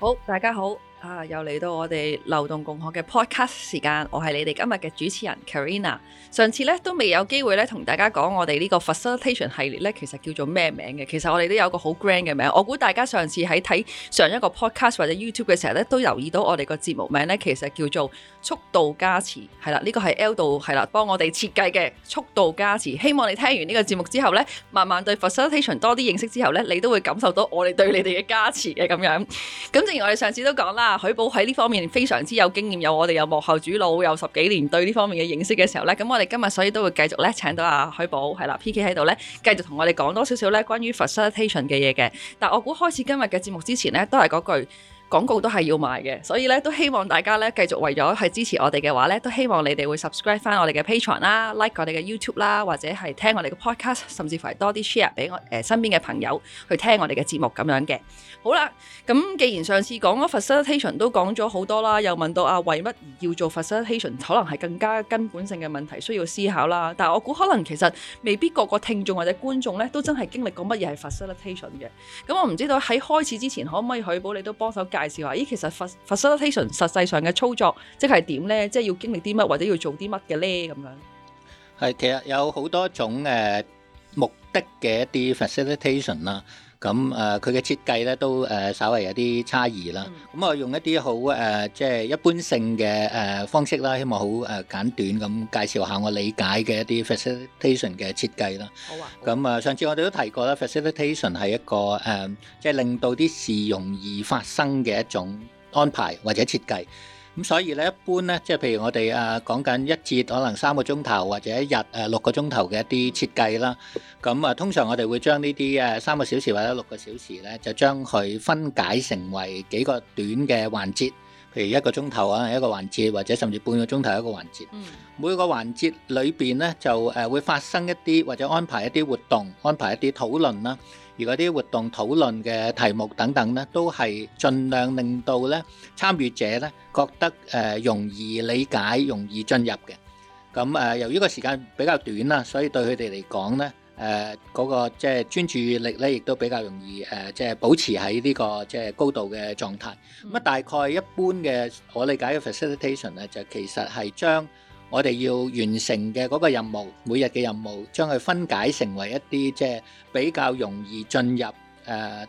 好，大家好。啊！又嚟到我哋流動共學嘅 podcast 時間，我係你哋今日嘅主持人 Karina。上次咧都未有機會咧同大家講我哋呢個 facilitation 系列咧，其實叫做咩名嘅？其實我哋都有個好 grand 嘅名。我估大家上次喺睇上一個 podcast 或者 YouTube 嘅時候咧，都留意到我哋個節目名咧，其實叫做促導加持係啦。呢個係 Eldo 度係啦，幫我哋設計嘅促導加持，希望你聽完呢個節目之後咧，慢慢對 facilitation 多啲認識之後咧，你都會感受到我哋對你哋嘅加持嘅咁樣。咁正如我哋上次都講啦。阿許寶喺呢方面非常之有經驗，有我哋有幕後主腦，有十幾年對呢方面嘅認識嘅時候呢，咁我哋今日所以都會繼續咧，請到阿許寶係啦，PK 喺度呢，繼續同我哋講多少少呢關於 facilitation 嘅嘢嘅。但我估開始今日嘅節目之前呢，都係嗰句。廣告都係要賣嘅，所以咧都希望大家咧繼續為咗係支持我哋嘅話咧，都希望你哋會 subscribe 翻我哋嘅 Patreon 啦，like 我哋嘅 YouTube 啦，或者係聽我哋嘅 podcast，甚至乎係多啲 share 俾我、呃、身邊嘅朋友去聽我哋嘅節目咁樣嘅。好啦，咁既然上次講咗 facilitation 都講咗好多啦，又問到啊為乜而要做 facilitation，可能係更加根本性嘅問題需要思考啦。但我估可能其實未必個個聽眾或者觀眾咧都真係經歷過乜嘢係 facilitation 嘅。咁我唔知道喺開始之前可唔可以許保你都幫手教。介紹話，咦，其實 facilitation 實際上嘅操作即係點咧？即係要經歷啲乜，或者要做啲乜嘅咧？咁樣係其實有好多種誒目的嘅一啲 facilitation 啦。咁誒，佢嘅、呃、設計咧都誒、呃，稍微有啲差異啦。咁啊、嗯，我用一啲好誒，即、呃、係、就是、一般性嘅誒、呃、方式啦，希望好誒簡短咁介紹下我理解嘅一啲 facilitation 嘅設計啦。好啊。咁啊，上次我哋都提過啦，facilitation 係一個誒，即、呃、係、就是、令到啲事容易發生嘅一種安排或者設計。咁所以咧，一般咧，即係譬如我哋啊講緊一節，可能三個鐘頭或者一日誒六個鐘頭嘅一啲設計啦。咁啊，通常我哋會將呢啲誒三個小時或者六個小時咧，就將佢分解成為幾個短嘅環節，譬如一個鐘頭啊一個環節，或者甚至半個鐘頭一個環節，每個環節裏邊咧就誒會發生一啲或者安排一啲活動，安排一啲討論啦。而嗰啲活動討論嘅題目等等咧，都係盡量令到咧參與者咧覺得誒容易理解、容易進入嘅。咁誒，由於個時間比較短啦，所以對佢哋嚟講咧，誒嗰個即係專注力咧，亦都比較容易誒，即係保持喺呢個即係高度嘅狀態。咁啊，大概一般嘅我理解嘅 facilitation 咧，就其實係將我哋要完成嘅嗰個任務，每日嘅任務將佢分解成為一啲即係比較容易進入誒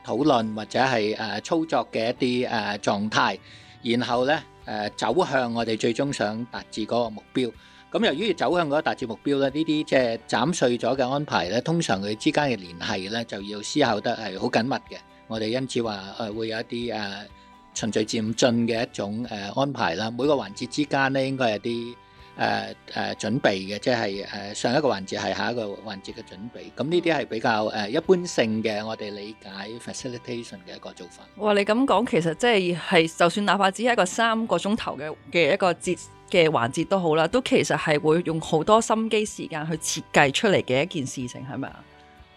討論，或者係誒、呃、操作嘅一啲誒狀態，然後呢誒、呃、走向我哋最終想達至嗰個目標。咁、嗯、由於走向嗰個達達至目標咧，呢啲即係斬碎咗嘅安排呢，通常佢之間嘅聯繫呢就要思考得係好緊密嘅。我哋因此話誒、呃、會有一啲誒、呃、循序漸進嘅一種誒、呃、安排啦。每個環節之間呢應該有啲。誒誒、呃呃、準備嘅，即係誒、呃、上一個環節係下一個環節嘅準備。咁呢啲係比較誒、呃、一般性嘅，我哋理解 facilitation 嘅一個做法。哇！你咁講，其實即係係，就算哪怕只係一個三個鐘頭嘅嘅一個節嘅環節都好啦，都其實係會用好多心機時間去設計出嚟嘅一件事情，係咪啊？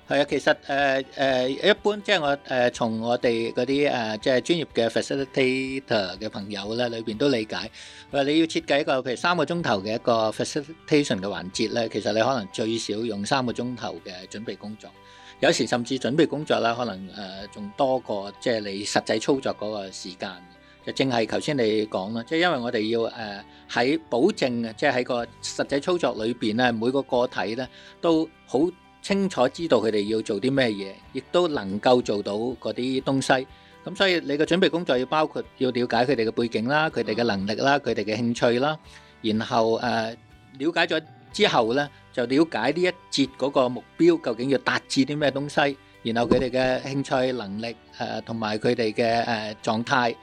係啊，其實誒、呃呃、一般即係我誒從、呃、我哋嗰啲即係專業嘅 facilitator 嘅朋友咧，裏面都理解話你要設計一個譬如三個鐘頭嘅一個 facilitation 嘅環節咧，其實你可能最少用三個鐘頭嘅準備工作，有時甚至準備工作啦，可能仲、呃、多過即係你實際操作嗰個時間。就正係頭先你講啦，即係因為我哋要誒喺、呃、保證即係喺個實際操作裏面咧，每個個體咧都好。清楚知道佢哋要做啲咩嘢，亦都能夠做到嗰啲東西。咁所以你嘅準備工作要包括要了解佢哋嘅背景啦，佢哋嘅能力啦，佢哋嘅興趣啦。然後誒了解咗之後咧，就了解呢一節嗰個目標究竟要達至啲咩東西。然後佢哋嘅興趣、能力誒同埋佢哋嘅誒狀態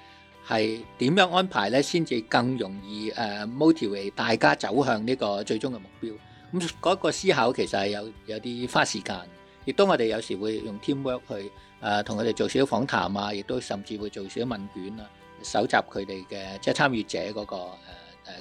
係點樣安排咧，先至更容易誒 motivate 大家走向呢個最終嘅目標。咁嗰個思考其實係有有啲花時間，亦都我哋有時會用 teamwork 去誒同佢哋做少少訪談啊，亦都甚至會做少少問卷啊，搜集佢哋嘅即係參與者嗰個。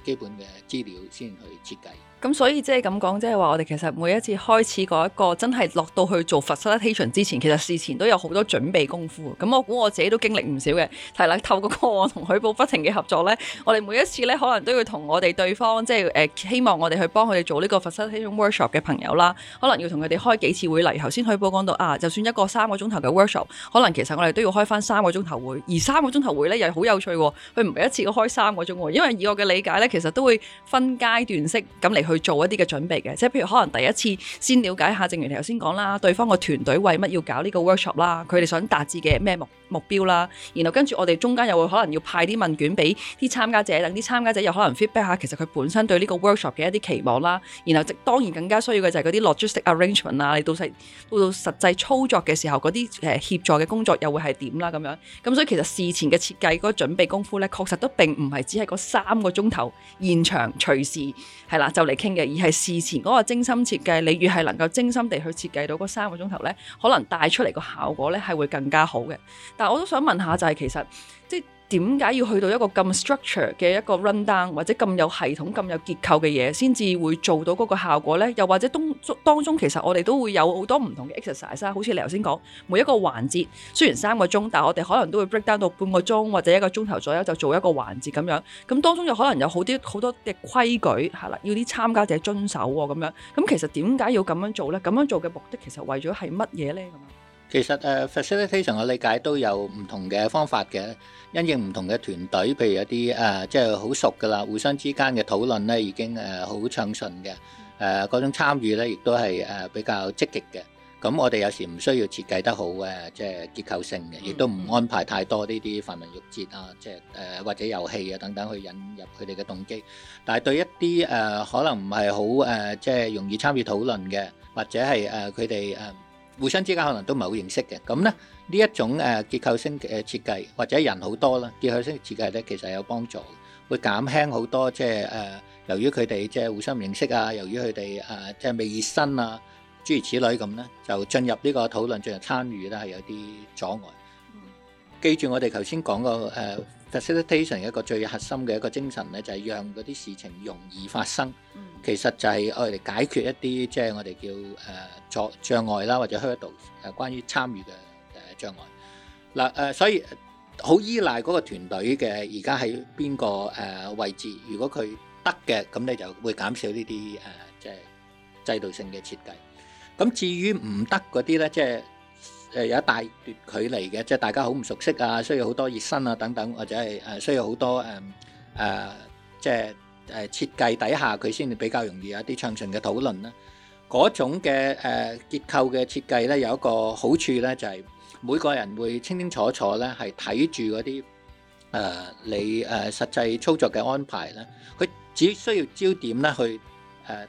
基本嘅資料先去設計。咁所以即係咁講，即係話我哋其實每一次開始嗰、那、一個真係落到去做 facilitation 之前，其實事前都有好多準備功夫。咁我估我自己都經歷唔少嘅。係啦，透過我同許寶不停嘅合作呢，我哋每一次呢可能都要同我哋對方即係、就是、希望我哋去幫佢哋做呢個 facilitation workshop 嘅朋友啦，可能要同佢哋開幾次會嚟。頭先許寶講到啊，就算一個三個鐘頭嘅 workshop，可能其實我哋都要開翻三個鐘頭會，而三個鐘頭會呢，又好有趣喎。佢唔係一次過開三個鐘喎，因為以我嘅理解。咧，其實都會分階段式咁嚟去做一啲嘅準備嘅，即係譬如可能第一次先了解一下，正如頭先講啦，對方個團隊為什乜要搞呢個 workshop 啦，佢哋想達至嘅咩目的？目標啦，然後跟住我哋中間又會可能要派啲問卷俾啲參加者，等啲參加者又可能 feedback 下其實佢本身對呢個 workshop 嘅一啲期望啦。然後即當然更加需要嘅就係嗰啲 logistic arrangement 啊，你到到實際操作嘅時候嗰啲誒協助嘅工作又會係點啦咁樣。咁所以其實事前嘅設計嗰準備功夫呢，確實都並唔係只係嗰三個鐘頭現場隨時係啦就嚟傾嘅，而係事前嗰個精心設計，你越係能夠精心地去設計到嗰三個鐘頭呢，可能帶出嚟個效果呢係會更加好嘅。但係我都想問下、就係，就係其實即係點解要去到一個咁 structure 嘅一個 run down，或者咁有系統、咁有結構嘅嘢，先至會做到嗰個效果呢？又或者當中其實我哋都會有好多唔同嘅 exercise 好似你頭先講，每一個環節雖然三個鐘，但係我哋可能都會 break down 到半個鐘或者一個鐘頭左右就做一個環節咁樣。咁當中有可能有好啲好多嘅規矩，係啦，要啲參加者遵守喎咁樣。咁其實點解要咁樣做呢？咁樣做嘅目的其實為咗係乜嘢呢？其實、呃、facilitation 我理解都有唔同嘅方法嘅，因應唔同嘅團隊，譬如有啲即係好熟㗎啦，互相之間嘅討論咧已經、呃、好暢順嘅，呃、嗰種參與咧亦都係、呃、比較積極嘅。咁我哋有時唔需要設計得好、呃、即係結構性嘅，亦都唔安排太多呢啲繁文縟節啊，即係、呃、或者遊戲啊等等去引入佢哋嘅動機。但係對一啲、呃、可能唔係好、呃、即係容易參與討論嘅，或者係佢哋互相之間可能都唔係好認識嘅，咁咧呢一種誒結構性嘅設計，或者人好多啦，結構性的設計咧其實有幫助，會減輕好多即係誒，由於佢哋即係互相唔認識啊，由於佢哋誒即係未熱身啊諸如此類咁咧，就進入呢個討論，進入參與咧係有啲阻礙。記住我哋頭先講個誒。呃特色化 design 嘅一個最核心嘅一個精神呢，就係、是、讓嗰啲事情容易發生。嗯、其實就係我哋解決一啲即係我哋叫誒作、呃、障礙啦，或者 hurdles 誒關於參與嘅誒障礙。嗱、呃、誒，所以好依賴嗰個團隊嘅而家喺邊個誒、呃、位置？如果佢得嘅，咁你就會減少呢啲誒即係制度性嘅設計。咁至於唔得嗰啲呢，即係。誒有一大段距離嘅，即係大家好唔熟悉啊，需要好多熱身啊等等，或者係誒需要好多誒誒、呃呃，即係誒、呃、設計底下佢先至比較容易有一啲暢順嘅討論啦。嗰種嘅誒、呃、結構嘅設計呢，有一個好處呢，就係、是、每個人會清清楚楚呢，係睇住嗰啲誒你誒、呃、實際操作嘅安排咧，佢只需要焦點呢，去誒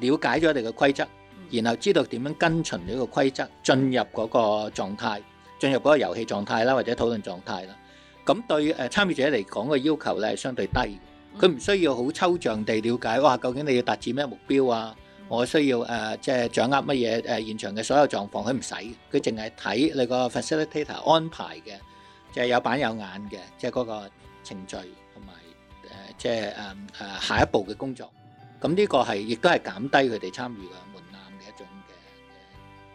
瞭解咗你嘅規則。然後知道點樣跟循呢個規則，進入嗰個狀態，進入嗰個遊戲狀態啦，或者討論狀態啦。咁對誒參與者嚟講個要求咧係相對低，佢唔需要好抽象地了解，哇！究竟你要達至咩目標啊？我需要誒即係掌握乜嘢誒現場嘅所有狀況，佢唔使，佢淨係睇你個 facilitator 安排嘅，即係有板有眼嘅，即係嗰個程序同埋誒即係誒誒下一步嘅工作。咁呢個係亦都係減低佢哋參與嘅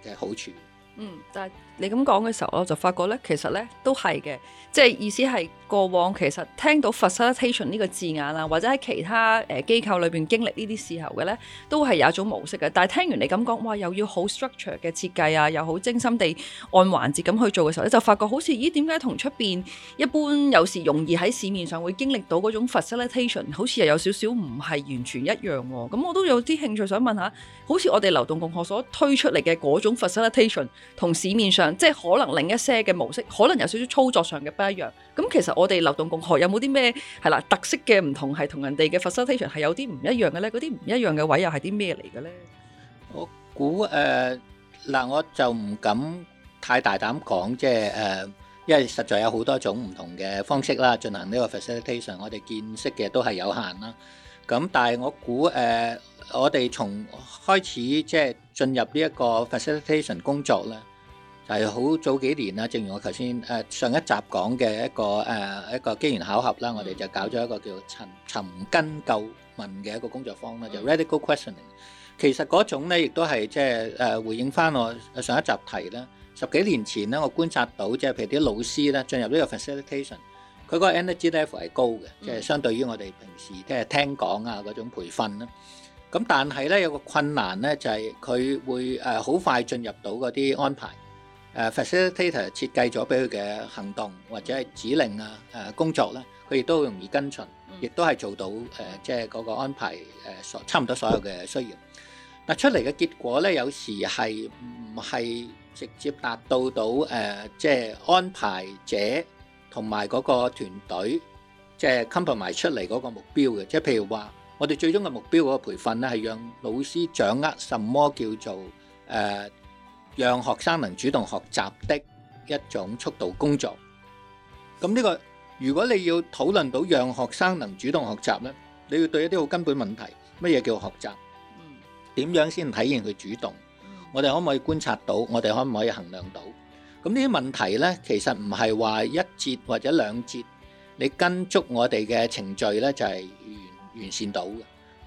嘅好處。嗯，就係。你咁講嘅時候，我就發覺咧，其實咧都係嘅，即係意思係過往其實聽到 facilitation 呢個字眼啊，或者喺其他誒、呃、機構裏邊經歷呢啲時候嘅咧，都係有一種模式嘅。但係聽完你咁講，哇，又要好 structure 嘅設計啊，又好精心地按環節咁去做嘅時候，你就發覺好似咦，點解同出面一般有時容易喺市面上會經歷到嗰種 facilitation，好似又有少少唔係完全一樣喎、哦。咁我都有啲興趣想問下，好似我哋流動共和流動共學所推出嚟嘅嗰種 facilitation，同市面上，即係可能另一些嘅模式，可能有少少操作上嘅不一樣。咁其實我哋流動共學有冇啲咩係啦特色嘅唔同，係同人哋嘅 facilitation 係有啲唔一樣嘅咧？嗰啲唔一樣嘅位又係啲咩嚟嘅咧？我估，誒，嗱、呃，我就唔敢太大膽講，即係誒、呃，因為實在有好多種唔同嘅方式啦，進行呢個 facilitation，我哋見識嘅都係有限啦。咁但係我估誒、呃，我哋從開始即係進入呢一個 facilitation 工作咧。係好早幾年啦，正如我頭先誒上一集講嘅一個誒、啊、一個機緣巧合啦，mm hmm. 我哋就搞咗一個叫尋尋根究問嘅一個工作坊啦，mm hmm. 就 radical questioning。其實嗰種咧，亦都係即係誒回應翻我上一集題啦。十幾年前咧，我觀察到即係、就是、譬如啲老師咧進入呢個 facilitation，佢嗰個 energy level 係高嘅，即、就、係、是、相對於我哋平時即係、就是、聽講啊嗰種培訓啦。咁但係咧，有個困難咧就係、是、佢會誒好、啊、快進入到嗰啲安排。誒、uh, facilitator 設計咗俾佢嘅行動或者係指令啊誒、呃、工作咧，佢亦都好容易跟進，亦都係做到誒即係嗰個安排誒所、呃、差唔多所有嘅需要。嗱，出嚟嘅結果咧，有時係唔係直接達到到誒即係安排者同埋嗰個團隊即係 compromise 出嚟嗰個目標嘅，即係譬如話我哋最終嘅目標嗰個培訓咧，係讓老師掌握什麼叫做誒，呃讓學生能主動學習的一種促導工作。咁呢個如果你要討論到讓學生能主動學習呢，你要對一啲好根本問題，乜嘢叫學習？點樣先體現佢主動？我哋可唔可以觀察到？我哋可唔可以衡量到？咁呢啲問題呢，其實唔係話一節或者兩節，你跟足我哋嘅程序呢，就係完，完善到嘅。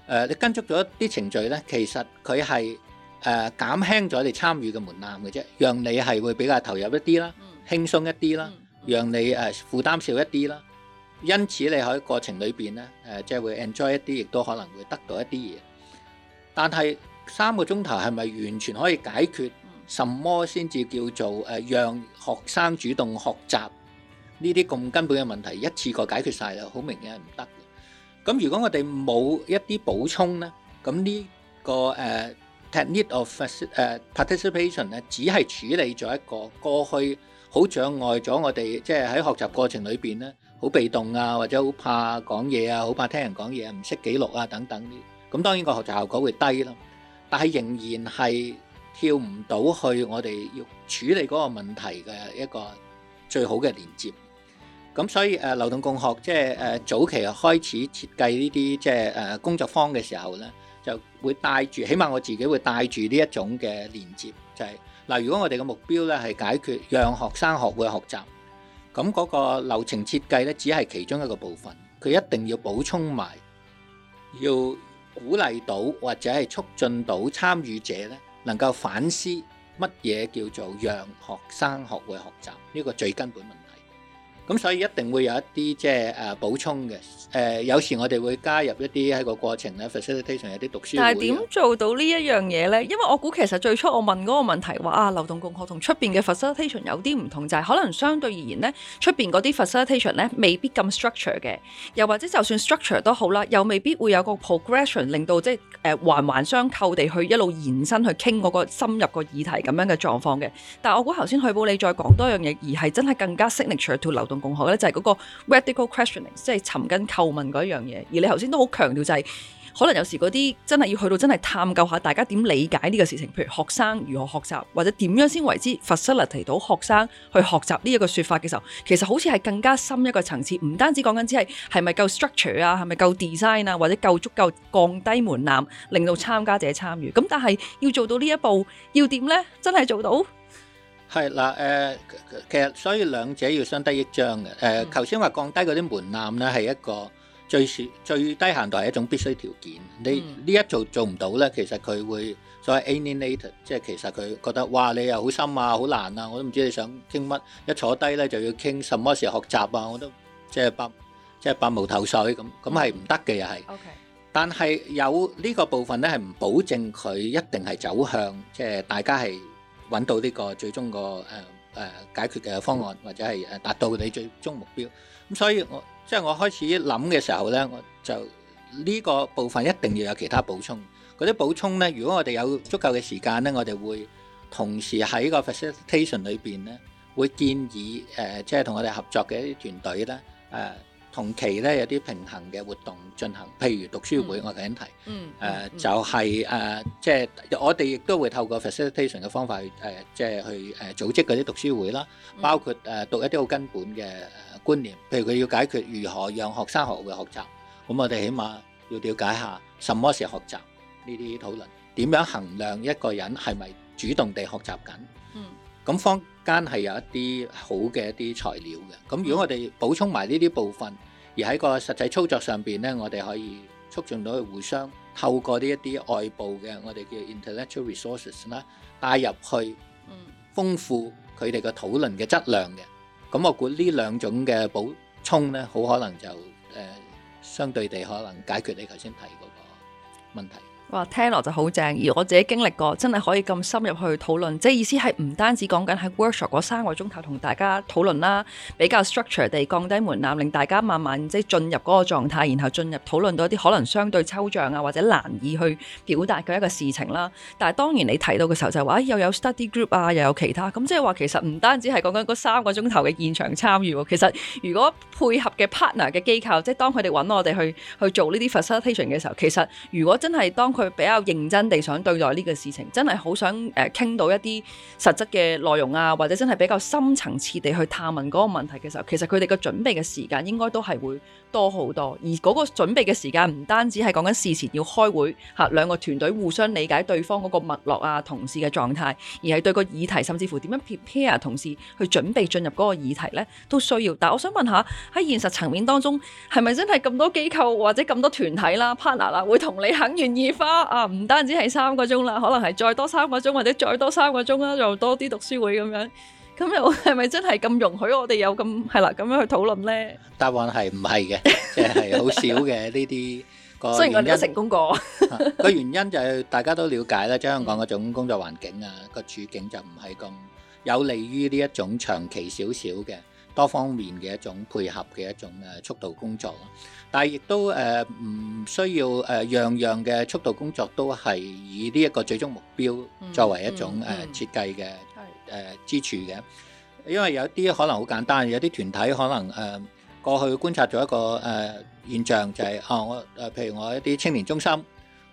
呃，你跟足咗啲程序呢，其實佢係，誒，減輕咗你參與嘅門檻嘅啫，讓你係會比較投入一啲啦，輕鬆一啲啦，讓你誒負擔少一啲啦。因此，你喺過程裏邊咧，誒即係會 enjoy 一啲，亦都可能會得到一啲嘢。但係三個鐘頭係咪完全可以解決什麼先至叫做誒讓學生主動學習呢啲咁根本嘅問題一次過解決曬啦？好明顯係唔得。咁如果我哋冇一啲補充咧，咁呢個誒 Technique of participation 咧，只係處理咗一個過去好障礙咗我哋，即係喺學習過程裏邊咧，好被動啊，或者好怕講嘢啊，好怕聽人講嘢，唔識記錄啊等等啲。咁當然個學習效果會低咯，但係仍然係跳唔到去我哋要處理嗰個問題嘅一個最好嘅連結。咁所以誒，流動共學即係誒早期開始設計呢啲即係誒工作坊嘅時候咧。就會帶住，起碼我自己會帶住呢一種嘅連接，就係嗱，如果我哋嘅目標咧係解決讓學生學會學習，咁嗰個流程設計咧只係其中一個部分，佢一定要補充埋，要鼓勵到或者係促進到參與者咧能夠反思乜嘢叫做讓學生學會學習呢個最根本問題。咁、嗯、所以一定會有一啲即係誒補充嘅，誒、呃、有時我哋會加入一啲喺個過程咧 facilitation 有啲讀書，但係點做到這一點呢一樣嘢咧？因為我估其實最初我問嗰個問題話，啊流動共學同出邊嘅 facilitation 有啲唔同，就係、是、可能相對而言咧，出邊啲 facilitation 咧未必咁 structure 嘅，又或者就算 structure 都好啦，又未必會有個 progression 令到即係誒環環相扣地去一路延伸去傾個深入個議題咁樣嘅狀況嘅。但係我估頭先去保你再講多樣嘢，而係真係更加 signature 流動。共學咧就係嗰個 radical questioning，即係尋根叩問嗰一樣嘢。而你頭先都好強調，就係可能有時嗰啲真係要去到真係探究下大家點理解呢個事情。譬如學生如何學習，或者點樣先為之 facilitate 到學生去學習呢一個說法嘅時候，其實好似係更加深一個層次。唔單止講緊，只係係咪夠 structure 啊，係咪夠 design 啊，或者夠足夠降低門檻，令到參加者參與。咁但係要做到呢一步，要點呢？真係做到？係嗱，誒、呃，其實所以兩者要相得益彰嘅，誒、呃，頭先話降低嗰啲門檻咧係一個最少最低限度係一種必須條件，你呢一做做唔到咧，其實佢會所謂 alienate 即係其實佢覺得哇你又好深啊，好難啊，我都唔知你想傾乜，一坐低咧就要傾什麼時候學習啊，我都即係百即係百無頭緒咁，咁係唔得嘅又係。O.K. 但係有呢個部分咧係唔保證佢一定係走向，即係大家係。搵到呢個最終個誒誒、呃呃、解決嘅方案，或者係誒達到你最終目標。咁所以我即係我開始諗嘅時候咧，我就呢、呢個部分一定要有其他補充。嗰啲補充咧，如果我哋有足夠嘅時間咧，我哋會同時喺個 presentation 裏邊咧，會建議誒，即係同我哋合作嘅一啲團隊咧誒。呃同期咧有啲平衡嘅活動進行，譬如讀書會。嗯、我頭先提，誒、嗯嗯呃、就係、是，誒即係我哋亦都會透過 facilitation 嘅方法、呃就是、去誒即係去誒組織啲讀書會啦，包括誒、呃、讀一啲好根本嘅、呃、觀念，譬如佢要解決如何讓學生學會學習，咁我哋起碼要了解下什麼時候學習呢啲討論，點樣衡量一個人係咪主動地學習緊？嗯咁坊間係有一啲好嘅一啲材料嘅，咁如果我哋補充埋呢啲部分，而喺個實際操作上邊咧，我哋可以促進到佢互相透過呢一啲外部嘅我哋叫 intellectual resources 啦，帶入去豐富佢哋嘅討論嘅質量嘅。咁我估這呢兩種嘅補充咧，好可能就誒、呃、相對地可能解決你頭先提的個問題。哇，聽落就好正，而我自己經歷過真係可以咁深入去討論，即係意思係唔單止講緊喺 workshop 嗰三個鐘頭同大家討論啦，比較 structure 地降低門檻令大家慢慢即係進入個狀態，然後進入討論到一啲可能相對抽象啊或者難以去表達嘅一個事情啦。但係當然你提到嘅時候就係話哎又有，有 study group 啊，又有其他，咁即係話其實唔單止係講緊嗰三個鐘頭嘅現場參與，其實如果配合嘅 partner 嘅機構，即係當佢哋揾我哋去去做呢啲 facilitation 嘅時候，其實如果真係當。佢比較認真地想對待呢個事情，真係好想呃，傾到一啲實質嘅內容啊，或者真係比較深層次地去探問嗰個問題嘅時候，其實佢哋個準備嘅時間應該都係會多好多，而嗰個準備嘅時間唔單止係講緊事前要開會，吓兩個團隊互相理解對方嗰個脈絡啊，同事嘅狀態，而係對個議題甚至乎點樣 prepare 同事去準備進入嗰個議題呢都需要。但我想問下喺現實層面當中，係咪真係咁多機構或者咁多團體啦 partner 啦會同你肯願意花啊？唔單止係三個鐘啦，可能係再多三個鐘或者再多三個鐘啦，就多啲讀書會咁樣。咁又係咪真係咁容許我哋有咁係啦？咁樣去討論呢。答案係唔係嘅，即係好少嘅呢啲個原因。雖然我哋成功過 個原因就係大家都了解啦，即香港嗰種工作環境啊，個處境就唔係咁有利於呢一種長期少少嘅多方面嘅一種配合嘅一種誒速度工作，但係亦都誒唔、呃、需要誒、呃、樣樣嘅速度工作都係以呢一個最終目標作為一種誒設計嘅。嗯嗯嗯誒之處嘅，因為有啲可能好簡單，有啲團體可能誒、呃、過去觀察咗一個誒、呃、現象，就係、是、哦，我誒、呃、譬如我一啲青年中心，咁、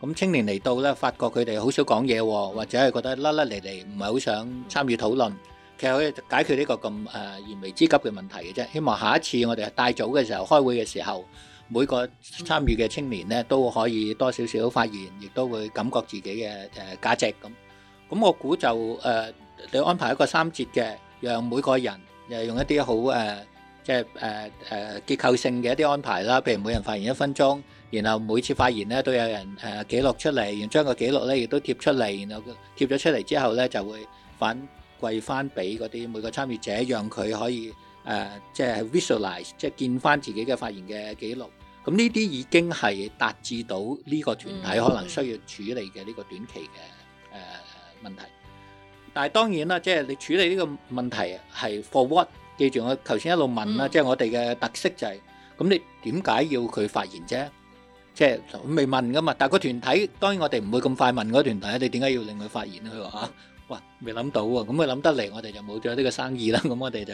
嗯、青年嚟到咧，發覺佢哋好少講嘢、哦，或者係覺得甩甩嚟嚟，唔係好想參與討論。其實可以解決呢個咁誒燃眉之急嘅問題嘅啫。希望下一次我哋帶組嘅時候開會嘅時候，每個參與嘅青年咧都可以多少少發言，亦都會感覺自己嘅誒價值咁。咁、嗯、我估就誒。呃你安排一個三節嘅，讓每個人又用一啲好誒，即係誒誒結構性嘅一啲安排啦。譬如每人發言一分鐘，然後每次發言咧都有人誒、呃、記錄出嚟，然後將個記錄咧亦都貼出嚟，然後貼咗出嚟之後咧就會反饋返俾嗰啲每個參與者，讓佢可以誒、呃、即係 visualize，即係見返自己嘅發言嘅記錄。咁呢啲已經係達致到呢個團體可能需要處理嘅呢個短期嘅誒、嗯嗯呃、問題。但係當然啦，即係你處理呢個問題係 for what，記住我頭先一路問啦，即係我哋嘅特色就係，咁你點解要佢發言啫？即係未問㗎嘛？但係個團體當然我哋唔會咁快問嗰個團體，你點解要令佢發言咧？佢話哇，未諗到喎，咁佢諗得嚟，我哋就冇咗呢個生意啦。咁我哋就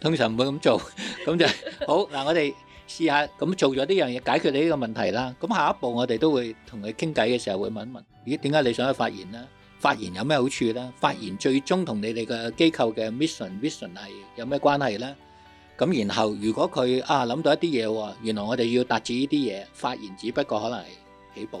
通常唔會咁做，咁就好嗱。我哋試下咁做咗呢樣嘢，解決你呢個問題啦。咁下一步我哋都會同佢傾偈嘅時候會問一問，咦？點解你想去發言咧？發言有咩好處咧？發言最終同你哋嘅機構嘅 mission、mission 係有咩關係咧？咁然後如果佢啊諗到一啲嘢喎，原來我哋要達至呢啲嘢，發言只不過可能係起步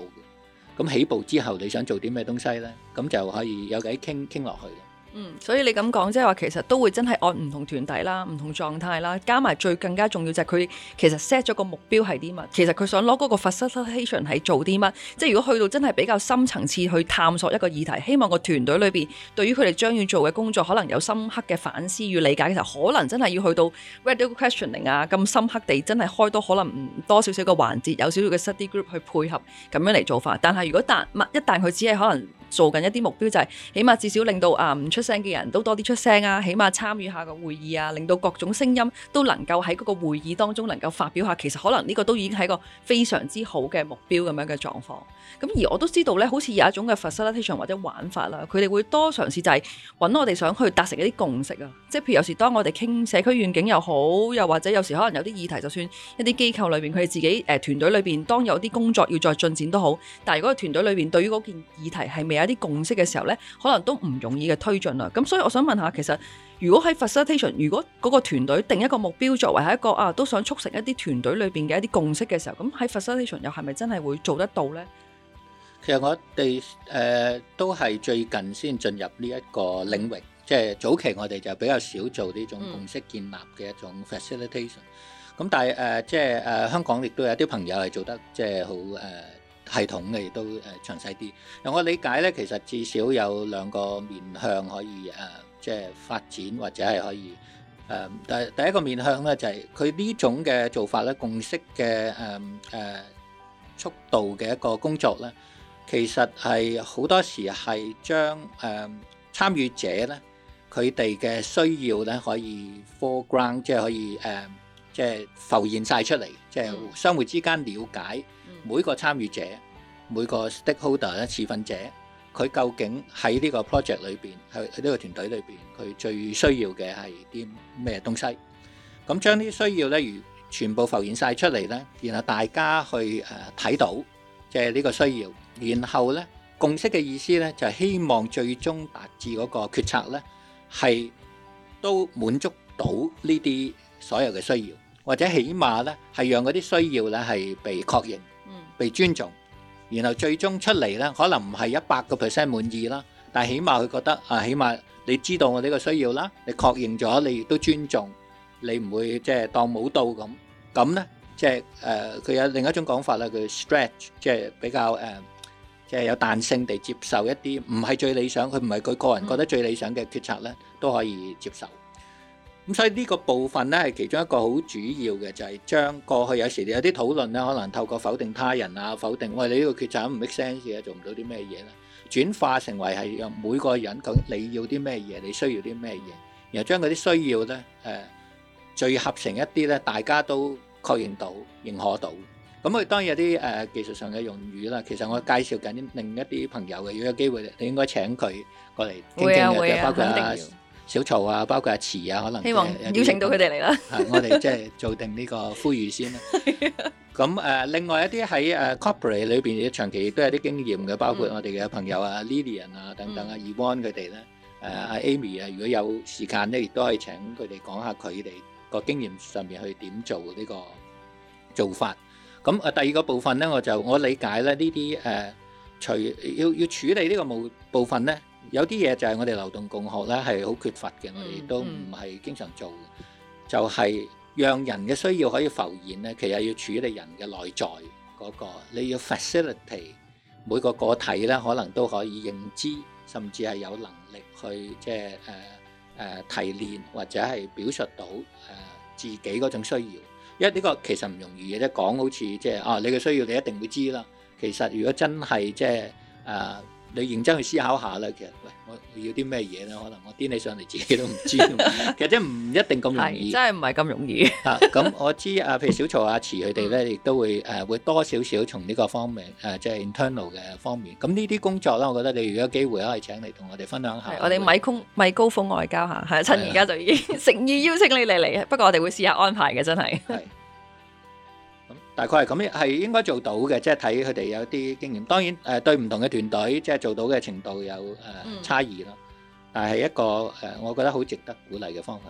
嘅。咁起步之後你想做啲咩東西咧？咁就可以有偈傾傾落去。嗯，所以你咁講，即係話其實都會真係按唔同團體啦、唔同狀態啦，加埋最更加重要就係佢其實 set 咗個目標係啲乜，其實佢想攞嗰個 facilitation 係做啲乜。即係如果去到真係比較深層次去探索一個議題，希望個團隊裏面對於佢哋將要做嘅工作可能有深刻嘅反思與理解嘅時候，其實可能真係要去到 radical questioning 啊，咁深刻地真係開多可能唔多少少嘅環節，有少少嘅 study group 去配合咁樣嚟做法。但係如果但一但佢只係可能。做緊一啲目標就係，起碼至少令到啊唔出聲嘅人都多啲出聲啊，起碼參與下個會議啊，令到各種聲音都能夠喺嗰個會議當中能夠發表下。其實可能呢個都已經係一個非常之好嘅目標咁樣嘅狀況。咁而我都知道呢，好似有一種嘅 facilitation 或者玩法啦，佢哋會多嘗試就係揾我哋想去達成一啲共識啊。即係譬如有時當我哋傾社區願景又好，又或者有時可能有啲議題，就算一啲機構裏面，佢哋自己誒團隊裏面當有啲工作要再進展都好，但係如果團隊裏邊對於嗰件議題係未有一啲共識嘅時候咧，可能都唔容易嘅推進啦。咁所以我想問下，其實如果喺 facilitation，如果嗰個團隊定一個目標作為係一個啊，都想促成一啲團隊裏邊嘅一啲共識嘅時候，咁喺 facilitation 又係咪真係會做得到咧？其實我哋誒都係最近先進入呢一個領域，即係早期我哋就比較少做呢種共識建立嘅一種 facilitation。咁但係誒，即係誒香港亦都有啲朋友係做得即係好誒。系統嘅亦都誒詳細啲。嗱，我理解咧，其實至少有兩個面向可以誒、呃，即係發展或者係可以誒。第、呃、第一個面向咧就係佢呢種嘅做法咧，共識嘅誒誒速度嘅一個工作咧，其實係好多時係將誒、呃、參與者咧佢哋嘅需要咧可以 foreground，即係可以誒即係浮現晒出嚟，即係相互之間了解。每個參與者、每個 stakeholder 咧、持份者，佢究竟喺呢個 project 裏邊、喺喺呢個團隊裏邊，佢最需要嘅係啲咩東西？咁將啲需要咧，如全部浮現晒出嚟咧，然後大家去誒睇、呃、到即係呢個需要，然後咧共識嘅意思咧，就係、是、希望最終達至嗰個決策咧，係都滿足到呢啲所有嘅需要，或者起碼咧係讓嗰啲需要咧係被確認。被尊重，然後最終出嚟咧，可能唔係一百個 percent 滿意啦，但係起碼佢覺得啊，起碼你知道我呢個需要啦，你確認咗，你亦都尊重，你唔會即係當冇到咁咁咧，即係誒佢有另一種講法啦，叫 stretch 即係比較誒即係有彈性地接受一啲唔係最理想，佢唔係佢個人覺得最理想嘅決策咧，都可以接受。咁所以呢個部分咧，係其中一個好主要嘅，就係、是、將過去有時有啲討論咧，可能透過否定他人啊，否定我哋呢個決策唔 make sense 嘅，做唔到啲咩嘢啦，轉化成為係每個人，咁你要啲咩嘢，你需要啲咩嘢，然後將嗰啲需要咧，誒、呃，聚合成一啲咧，大家都確認到、認可到。咁、嗯、佢當然有啲誒、呃、技術上嘅用語啦。其實我介紹緊另一啲朋友嘅，如果有機會，你應該請佢過嚟傾傾嘅，包括小曹啊，包括阿、啊、慈啊，可能希望邀請到佢哋嚟啦。我哋即係做定呢個呼籲先啦。咁誒、 呃，另外一啲喺誒 corporate 裏邊，長期亦都有啲經驗嘅，包括我哋嘅朋友啊、嗯、Lillian 啊，等等啊，Ewan 佢哋咧，誒阿 Amy 啊，如果有時間咧，亦都可以請佢哋講下佢哋個經驗上面去點做呢個做法。咁誒、呃，第二個部分咧，我就我理解咧，呢啲誒除要要處理呢個無部分咧。有啲嘢就係我哋流動共學咧，係好缺乏嘅，我哋都唔係經常做嘅，嗯嗯、就係讓人嘅需要可以浮現咧。其實要處理人嘅內在嗰、嗰個，你要 facilitate 每個個體咧，可能都可以認知，甚至係有能力去即係誒誒提煉或者係表述到誒、呃、自己嗰種需要。因為呢個其實唔容易嘅啫，講好似即係哦、啊，你嘅需要你一定會知啦。其實如果真係即係誒。呃你認真去思考下啦，其實喂，我要啲咩嘢咧？可能我啲你上嚟自己都唔知，其實真唔一定咁容易。真係唔係咁容易。嚇咁，我知啊，譬如小曹、阿慈佢哋咧，亦都會誒，會多少少從呢個方面誒，即係 internal 嘅方面。咁呢啲工作咧，我覺得你如果有機會可以請嚟同我哋分享下。我哋米空米高峯外交嚇，係趁而家就已經誠意邀請你嚟嚟啊！不過我哋會試下安排嘅，真係。大概係咁，係應該做到嘅，即係睇佢哋有啲經驗。當然，呃，對唔同嘅團隊，即係做到嘅程度有，呃，差異。但係一個，呃，我覺得好值得鼓勵嘅方法。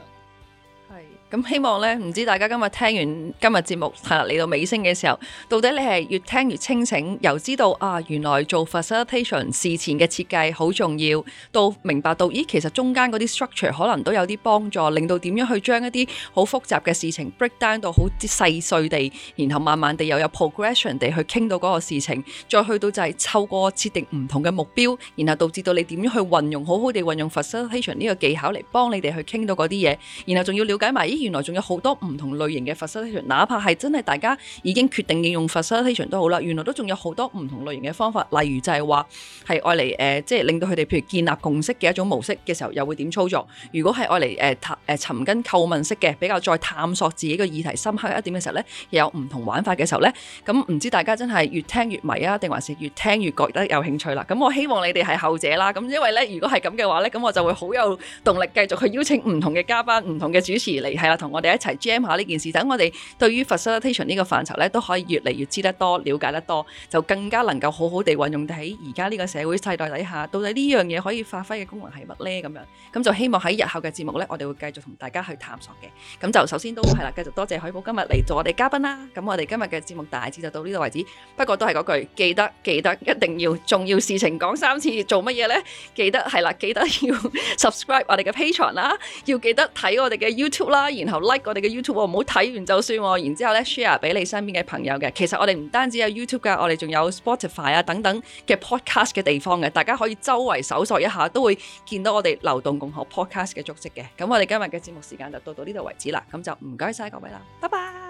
咁希望咧，唔知大家今日聽完今日節目，係嚟到尾聲嘅時候，到底你係越聽越清醒，由知道啊，原來做 facilitation 事前嘅設計好重要，到明白到，咦，其實中間啲 structure 可能都有啲幫助，令到點樣去將一啲好複雜嘅事情 break down 到好細碎地，然後慢慢地又有，有 progression 地去傾到個事情，再去到就係透過設定唔同嘅目標，然後導致到你點樣去運用好好地運用 facilitation 呢個技巧嚟幫你哋去傾到啲嘢，然後仲要了解埋咦，原來仲有好多唔同類型嘅 facilitation，哪怕係真係大家已經決定要用 facilitation 都好啦，原來都仲有好多唔同類型嘅方法，例如就係話係愛嚟誒，即係令到佢哋譬如建立共識嘅一種模式嘅時候，又會點操作？如果係愛嚟誒探誒尋根叩問式嘅，比較再探索自己個議題深刻一點嘅時候呢，又有唔同玩法嘅時候呢，咁、嗯、唔知大家真係越聽越迷啊，定還是越聽越覺得有興趣啦？咁我希望你哋係後者啦，咁因為呢，如果係咁嘅話呢，咁我就會好有動力繼續去邀請唔同嘅嘉賓、唔同嘅主持。嚟係啦，同、啊、我哋一齊 jam 下呢件事。等我哋對於 facilitation 呢個範疇呢，都可以越嚟越知得多，了解得多，就更加能夠好好地運用喺而家呢個社會世代底下。到底呢樣嘢可以發揮嘅功能係乜呢？咁樣咁就希望喺日後嘅節目呢，我哋會繼續同大家去探索嘅。咁就首先都係啦、啊，繼續多謝海寶今日嚟做我哋嘉賓啦。咁我哋今日嘅節目大致就到呢度為止。不過都係嗰句，記得記得，一定要重要事情講三次，做乜嘢呢？記得係啦、啊，記得要 subscribe 我哋嘅 Patreon 啦，要記得睇我哋嘅 YouTube。啦，YouTube，然後 like 我哋嘅 YouTube 哦，唔好睇完就算，然之後咧 share 俾你身邊嘅朋友嘅。其實我哋唔單止有 YouTube 我哋仲有 Spotify 啊等等嘅 podcast 嘅地方嘅，大家可以周圍搜索一下，都會見到我哋流動共學 podcast 嘅足跡嘅。咁我哋今日嘅節目時間就到到呢度為止啦，咁就唔該晒各位啦，拜拜。